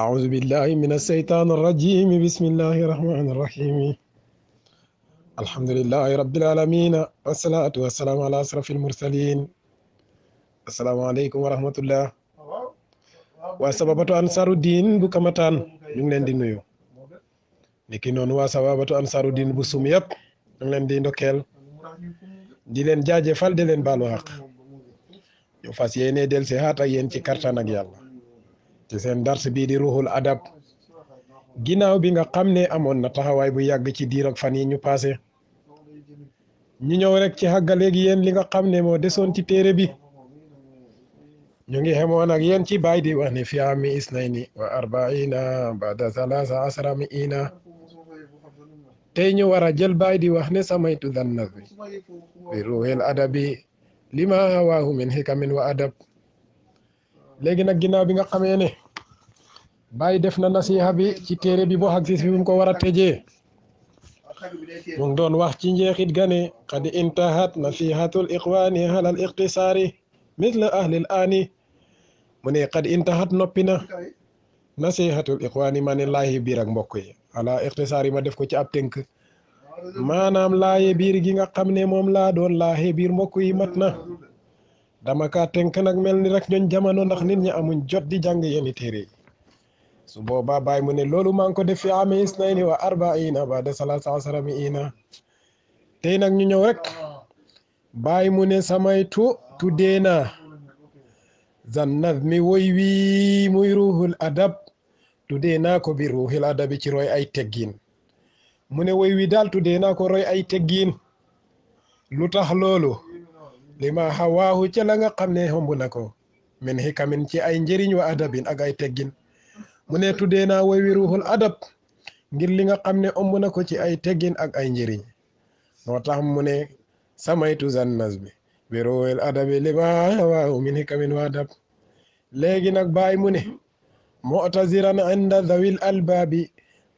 أعوذ بالله من الشيطان الرجيم بسم الله الرحمن الرحيم الحمد لله رب العالمين والصلاة والسلام على أشرف المرسلين السلام عليكم ورحمة الله وسبب أنصار الدين بكمتان نغلن دي نويو نيكي نون وسبب أنصار الدين بسوميب نغلن دي نوكل دي لن جاجي فال دي لن بالوحق يوفاس يني دل سيهات يين تي كارتان يالله ci seen dars bii di ruuxul adab ginnaaw bi nga xam ne amoon na taxawaay bu yàgg ci diir fan yi ñu passé ñu ñëw rek ci xàggaleegi yéen li nga xam ne moo desoon ci téere bi ñu ngi xemoon ak yéen ci baay di wax ne fi ami isnayni wa arbaina bada salasa asra mi tey ñu war a jël baay di wax ne samaytu dannas bi bi ruuxil adabi lima hawaahu min xikamin wa adab léegi nag ginnaaw bi nga xamee ne bàyyi def na nasiha bi ci téere bi boo xagsis fi mu ko war a tëjee mu ngi doon wax ci njeexit gane qad intahat nasihatul iqwaani halal iqtisaari misla ahlil aani mu ne qad intahat noppi na nasihatul iqwaani ma ne laayi biir ak mbokk yi ala iqtisaari ma def ko ci ab ténk maanaam laaye biir gi nga xam ne moom laa doon laaye biir mbokk yi mat na dama kaa tënk nag mel ni rek ñooñ jamono ndax nit ñi amuñ jot di jàng yenn téere yi suboba bayi mune loolu manko defi ami isnaini wa arbaina bada salasa asara mi ina tey nag ñu ñëw rek bayi mune samaytu tudeena zan nav mi woy wi muy ruhul adab tudeena ko bi ruhul adabi ci roy ay teggin mune woy wi dal tudeena ko roy ay teggin lu tax loolu lima hawaahu ca la nga xam ne hombu na ko min hikamin ci ay njëriñ wa adabin ak ay teggin mu ne tuddee naa way wi ruuxul adab ngir li nga xam ne ëmb na ko ci ay teggin ak ay njëriñ moo tax mu ne samaytu zannas bi bi ruuxul adabi li ma waaw min hikamin wa adab léegi nag baay mu ne mu'taziran inda dhawil albaabi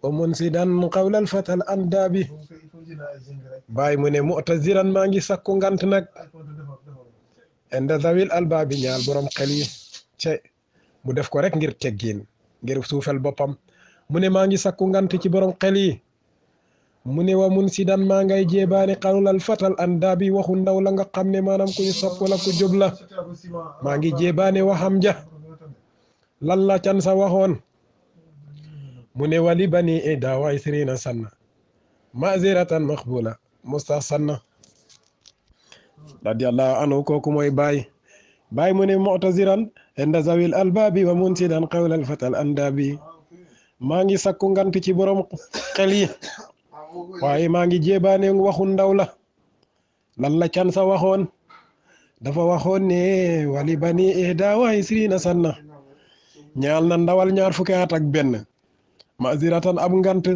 wa munsidan qawla alfatal andaabi baay mu ne mu'taziran maa ngi sakku ngant nag inda dhawil albaabi ñaal borom xel yi mu def ko rek ngir teggin ngir suufel boppam mu ne maa ngi sakku ngant ci borom xel yi mu ne wa mun sidan daan maa ngay jéebaane xarulal fatal anda bi waxu ndaw la nga xam ne maanaam ku ñu sopp la ku jub la maa ngi jéebaane waxam ja lan la can sa waxoon mu wali bani ida wa isrina sanna maziratan maqbula musta sanna radiallahu anhu kooku mooy baay baay mu ne mu'taziran inda zawil albaabi wa munsidan qawlal fatal andaabi maa ngi sakku ngant ci borom xel yi waaye maa ngi jéebaane waxu ndaw la lan la can sa waxoon dafa waxoon ne wali bani ihda wa isrina sanna ñaal na ndawal ñaar fukki at ak benn maziratan ab ngant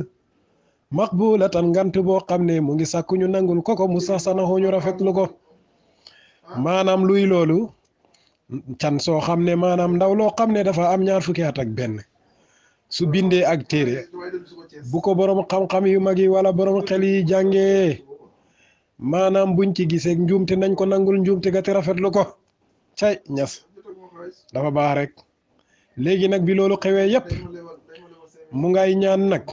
maqbulatan ngant boo xam ne mu ngi sakku ñu nangul koko mu sax sanaxu ñu rafetlu ko maanaam luy loolu can soo xam ne maanaam ndaw loo xam ne dafa am ñaar fukki at ak benn su bindee ak téere bu ko borom xam-xam yu mag yi wala borom xel yi jàngee maanaam buñ ci gisee njuumte nañ ko nangul njuum njuumte gate rafet rafetlu ko cay ñas dafa baax rek léegi nag bi loolu xewee yépp mu ngay ñaan nag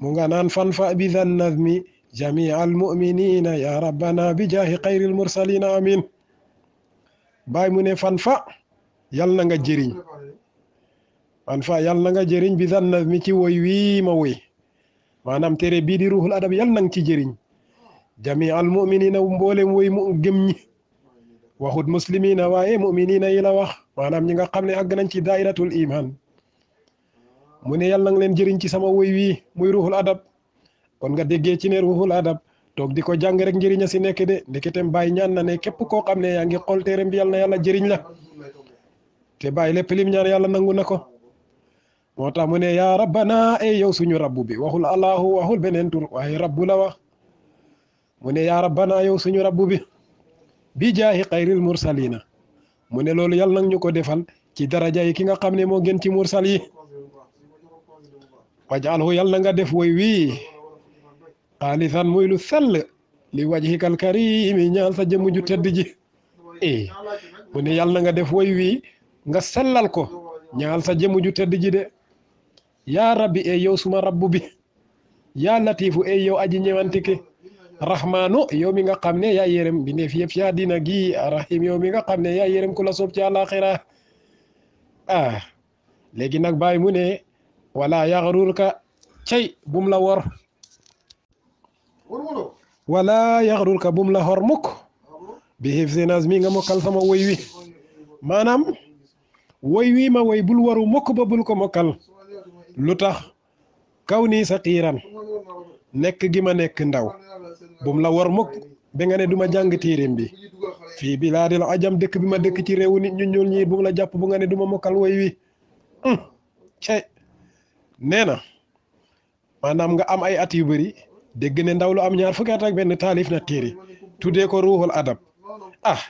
mu nga naan fan fa bi dhan nazmi jamii al muminina ya rabbana bi jaahi xayril mursalina amin baay mu ne fan yal na nga jëriñ fan fa nga jëriñ bi zan na mi ci woy wii ma woy maanaam tere bii di ruuxul adab yal na nga ci jëriñ jami al muminina mboolem woy mu gëm ñi waxut muslimina waaye muminina yi la wax maanaam ñi nga xam ne àgg nañ ci dairatul iman mu ne yal na leen jëriñ ci sama woy wii muy ruuxul adab kon nga déggee ci ne ruuxul adab tok di jang rek njëriñ a si de ndeketem mbay ñaan na ne kep ko xamne ya yaa ngi xool bi yalla na jeriñ la te bay lépp lim ñaar yalla nangu nako motax mu ne ya rabbana e yow suñu rabbu bi waxul allahu wahul benen tur wa rabbu la wax mu ne ya rabbana yow suñu rabbu bi bi jahi khairil mursalina mu ne loolu yalla nang ñuko ko defal ci daraja yi ki nga xamne mo gën ci mursal yi wajalhu yalla nga def way wi xaalisan muy lu sell li wajhikal karimi ñaal sa jëmm ju tedd i mu ne yàlla nga def woy wi nga sellal ko ñaal sa jëmm ju tedd ji de yaa rabbi e yow suma rabbu bi yaa latifu e yow aji ñëwanti ki yow mi nga xam ne yaa yërëm bi ne fi yëpp ci àddina gi rahim yow mi nga xam ne yaa yërëm ku la soob ci àllaaxira ah nag bàyyi mu ne wala yaxrurka cey bum la wor wala ka bum la hormuk, bi hifzi nazmi nga sama woy Manam, maanaam ma way bul waru mukk ba bul ko mokkal lu tax kaw nii sa bengane gi ma nek ndaw bum la war mok be nga ne duma jang tirim bi fi biladil ajam dekk bi ma dekk ci rew nit ñu ñol ñi bum la japp bu nga ne duma ma wi nga am ay at yu bari dégg ne ndaw lu am ñaar fukki at benn taalif na téere tuddee ko ruuxul adab ah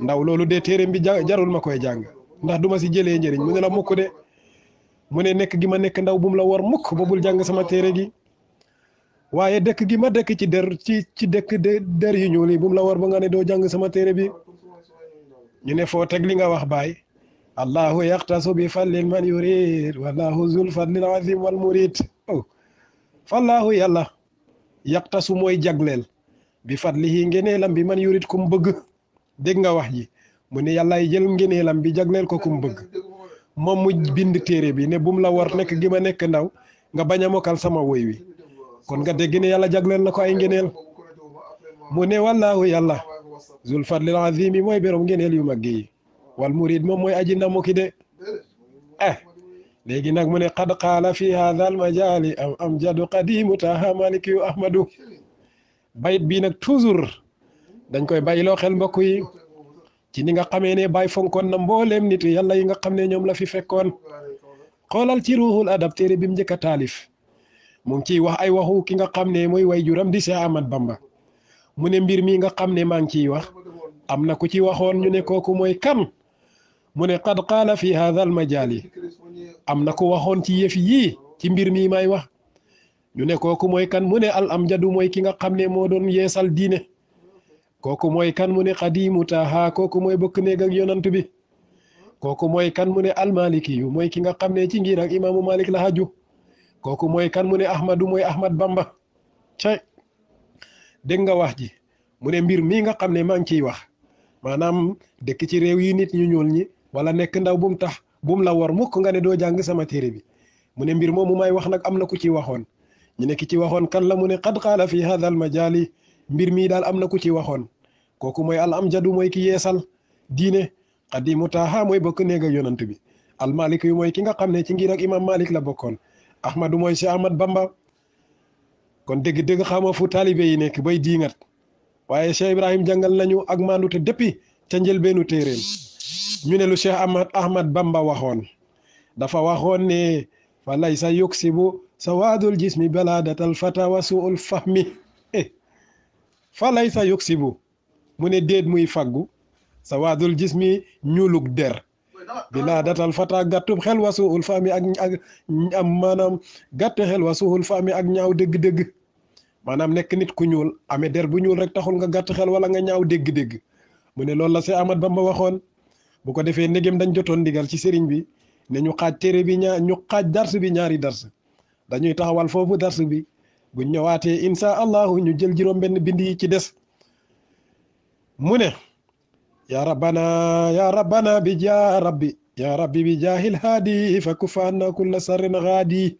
ndaw loolu de téere bi jarul ma koy jàng ndax duma si jëlee njëriñ mu ne la mukk de mu ne nekk gi ma nekk ndaw bum la war mukk ba jàng sama téere gi waaye dëkk gi ma dëkk ci der ci ci dëkk der yu ñuul yi bum la war ba nga ne doo jàng sama téere bi ñu ne foo teg li nga wax baay allahu yaxtasu bi fadlil man yurid wallahu zul fadlil azim wal murid oh fallahu yàlla tasu mooy jagleel bi fadlihi ngeneelam bi man yurit kum bëgg dégg nga wax ji mu ne yàlla ay jël ngeneelam bi jagleel ko kum bëgg moom mu bind téere bi ne bum la war nekk gi ma nekk ndaw nga bañ a mokkal sama woy wi kon nga dégg ne yàlla jagleel na ko ay ngeneel mu ne wallaahu yàlla zul fadlil azimi mooy borom ngeneel yu mag yi wal murid moom mooy aji ndamu ki de eh léegi nag mu ne qad qaala fi hadha al majali am amjadu qadimu taha maliki yu ahmadu bayit bii nag toujours dañ koy bàyyiloo xel mbokk yi ci ni nga xamee ne bàyyi fonkoon na mbooleem nit yàlla yi nga xam ne ñoom la fi fekkoon xoolal ci ruuxul adab téere bi mu njëkk a taalif mu ngi ciy wax ay waxu ki nga xam ne mooy way juram di Seex Ahmad Bamba mu ne mbir mi nga xam ne maa ngi ciy wax am na ku ci waxoon ñu ne kooku mooy kan mu ne qad qaala fi hadha al majali am na ko waxon ci yef yi ci mbir mi may wax ñu ne koku moy kan mu ne al amjadu moy ki nga xamne mo doon yeesal diine koku moy kan mu ne xadiimu taaha koku moy bokk neeg ak yonant bi koku moy kan mu ne maliki yu moy ki nga xamne ci ngir ak imam malik la haju koku moy kan mu ne ahmadu moy ahmad bamba cay de nga wax ji mu ne mbir mi nga xamne ma ngi ci wax manam dekk ci rew yi nit ñu ñool ñi wala nek ndaw bu tax bum la war mukk nga ne doo jàng sama téere bi mu ne mbir moomu may wax nag am na ku ci waxoon ñu ne ki ci waxoon kan la mu ne qad qaala fi hadha ma majaali mbir mii daal am na ku ci waxoon kooku mooy al amjadu mooy ki yeesal diine qadimu taaha mooy bokk néega yonant bi al malik yu mooy ki nga xam ne ci ngir ak imam malik la bokkoon ahmadu mooy si ahmad bamba kon dëgg-dëgg xama fu taalibe yi nekk bay diingat waaye Cheikh Ibrahim jàngal nañu ak maandu te depuis njëlbeenu téeréen ñu ne lu Cheikh Ahmad Ahmad Bamba waxoon dafa waxoon ne fa lay sa yuksibu sawaadul jismi balaadatal fata wa suul fahmi fa lay sa yuksibu mu ne déet muy faggu sawaadul jismi ñuulug der bilaadatal fata gàttub xel wa suul fahmi ak ak am maanaam gàtt xel wa suul fahmi ak ñaaw dëgg-dëgg maanaam nekk nit ku ñuul amee der bu ñuul rek taxul nga gàtt xel wala nga ñaaw dégg-dégg mu ne loolu la Cheikh Ahmad Bamba waxoon bu ko defee ndegem dañ jotoon digal ci sëriñ bi ne ñu xaaj téere bi ñaar ñu xaaj dars bi ñaari dars dañuy taxawal foofu dars bi buñ ñëwaatee insha allahu ñu jël juróom benn bind yi ci des mu ne yaa rabbana yaa bi jaa rabbi yaa bi jaahil haadi fa kufaana kulla sarrin gaadi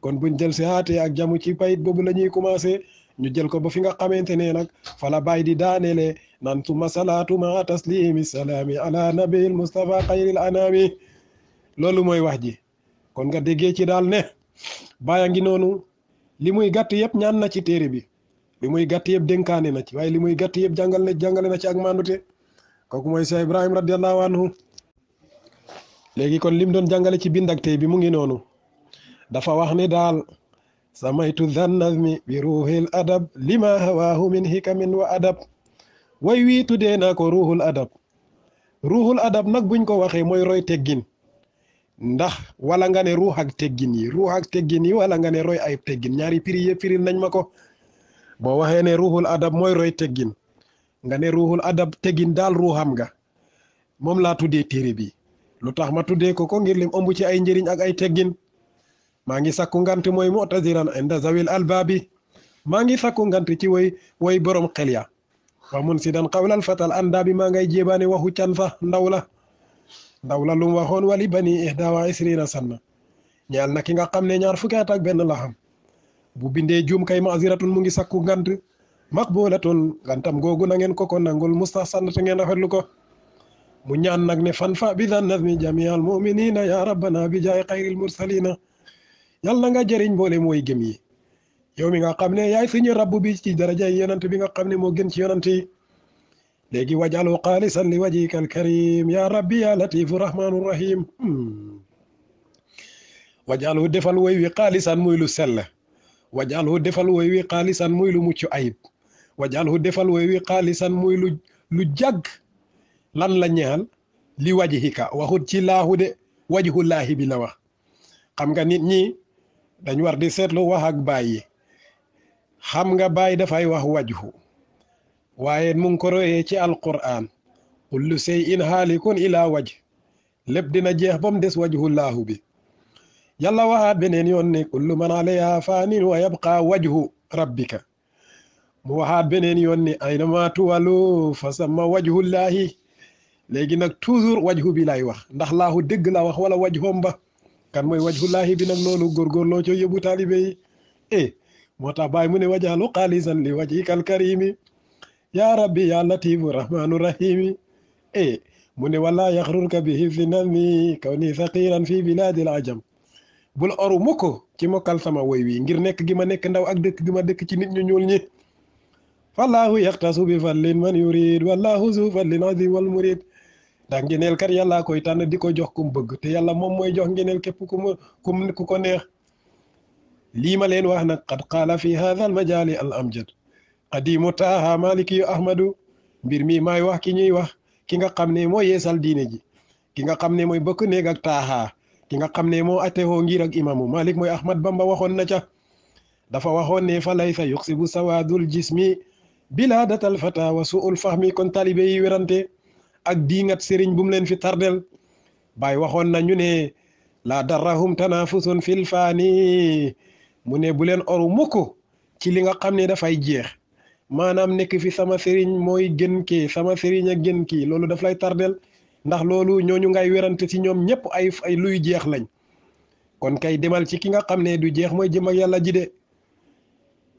kon buñ jël si haatee ak jamu ci payit boobu la ñuy commencé ñu jël ko ba fi nga xamante ne nag fala baay di daanelee nan tuma salaatu ma taslimi salaami ala nabil mustafa xayril anami loolu mooy wax ji kon nga déggee ci daal ne baaya ngi noonu li muy gàtt yëpp ñaan na ci téere bi li muy gàtt yëpp dénkaane na ci waaye li muy gàtt yëpp jàngal na jàngale na ci ak mandute kooku mooy Cheikh Ibrahim radiallahu anhu léegi kon lim doon jàngale ci bind ak bi mu ngi noonu dafa wax ne daal سميت ذا النظم بروح الأدب لما هواه من حكم wa way wii tuddee na ko ruuxul adab ruuxul adab nag buñ ko waxee mooy roy teggin ndax wala nga ne ruux ak teggin yi ruux ak teggin yi wala nga ne roy ay teggin ñaari prix yëpp nañ ma ko boo waxee ne ruuxul adab mooy roy teggin nga ne adab teggin daal ruuxam nga moom laa tuddee téere bi lu tax ma tuddee ko ko ngir lim ëmb ci ay njëriñ ak ay teggin maa ngi sakku ngant mooy mutaziran inda zawil albaabi maa ngi sakku ngant ci way way borom xel ya wa mun si dan xawlal fatal anda bi maa ngay jéebaane waxu can sax ndaw la ndaw la lum waxoon wali bani ihda wa isrina sanna ñaal na ki nga xam ne ñaar fukki at ak benn la bu bindee juum kay ma maasiratun mu ngi sakku ngant maqbulatun ngantam googu na ngeen ko ko nangul mustahsan ta ngeen rafetlu ko mu ñaan nag ne fan fa bi daan nazmi jamial muminina ya yàlla nga jëriñ boole mooy gém yi yow mi nga xam ne yaay suñu rabb bi ci daraja yi yonant bi nga xam ne moo gën ci yonant yi léegi wajalu xaalisan li wajika alkarim ya rabbi ya latifu rahmanu rahim wajalu defal woy wi xaalisan muy lu sell wajalu defal woy wi xaalisan muy lu mucc ayib wajalu defal woy wi xaalisan muy lu lu jàgg lan la ñeexal li wajihika waxut ci laahu de wajhu laahi bi wax xam nga nit ñi dañ war di seetlu wax ak baay yi xam nga baay dafay wax wajhu waaye mu ngi ko royee ci alquran kullu sey in haalikun ilaa waj lépp dina jeex ba mu des laaxu bi yàlla waxaat beneen yoon ne kullu man alayha faanin wa yabqa wajhu rabbika mu waxaat beneen yoon ay ne aynama tuwalu fa sama wajhullaahi léegi nag toujours wajhu bi lay wax ndax laahu dëgg la wax wala wajhom ba كان موي وجه الله بي نك نونو غورغور لو تيو يبو طالبي ايه موتا باي موني وجهالو خالصا لوجهك الكريم يا ربي يا لطيف الرحمن الرحيم ايه موني ولا يغررك به في نمي كوني فقيرا في بلاد العجم بول ارموكو كي موكال سما وي وي غير نيك غيما نيك نداو اك دك غيما دك تي نيت ني نيول ني فالله يختص بفضل من يريد والله ذو فضل عظيم والمريد da ngeenel kat yalla koy tan diko jox kum bëgg te yàlla moom mooy jox ngeenel kep kum kum ku ko neex li ma len wax nag qad qaala fi hadha al majali al amjad qadimu taaha maliki yu ahmadu mbir mi maay wax ki ñuy wax ki nga xam ne moo yeesal diine ji ki nga xam ne mooy bëkk néeg ak taaha ki nga xam ne moo ho ngir ak imam malik mooy ahmad bamba waxoon na ca dafa waxoon ne fa laysa yuqsibu sawadul jismi bilaadatal fata wa suul fahmi kon talibe yi werante ak diingat sëriñ bu mu leen fi tardel Baay waxoon na ñu ne laa darrahum tanafusun fil faani mu ne bu leen oru mukk ci li nga xam ne dafay jeex maanaam nekk fi sama sëriñ mooy gën kii sama sëriñ ak gën kii loolu daf lay tardel ndax loolu ñooñu ngay werante ci ñoom ñëpp ay ay luy jeex lañ kon kay demal ci ki nga xam ne du jeex mooy jëm ak yàlla ji de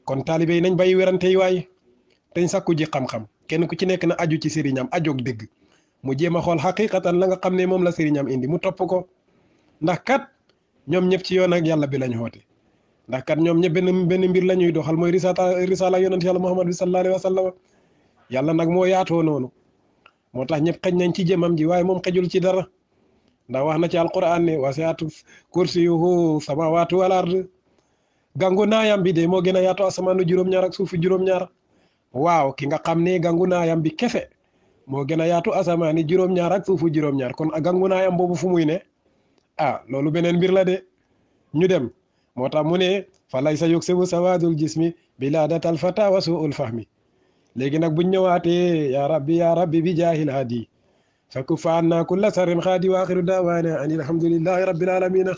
kon taalibe yi nañ bàyyi werante yi waay dañ sàkku ji xam-xam kenn ku ci nekk na aju ci sëriñam ajoog dëgg mu jema xol haqiqatan la nga xamne mom la sëriñam indi mu top ko ndax kat ñom ñep ci yoon ak yalla bi lañ xoote ndax kat ñom ñëpp ben ben mbir lañuy doxal moy risala risala yonent yalla muhammad sallallahu alaihi wasallam yalla nak mo yaato nonu motax ñep tax nañ ci jemam ji waye mom ci dara ndax wax ci alquran ne wasiatu kursiyuhu samawati wal ard gangu naayam bi de mo gëna yaato asmanu juroom ñaar ak suufu juroom ñaar waaw ki nga xamne gangu bi kefe moo gën a yaatu asamaani juróom-ñaar ak suufu juróom-ñaar kon ak gangunaayam boobu fu muy ne a ah, loolu beneen mbir la de ñu dem moo tax mu ne fa lay sa yugsibu sawaadul jismi bi laadatal fata wa suul fahmi léegi nag buñ ñëwaatee yaa rabbi yaa rabbi bi jaahil hadi fakku faan naa kulla sarrin xaadi waaxiru daawaana ani alhamdulillahi rabbil alamina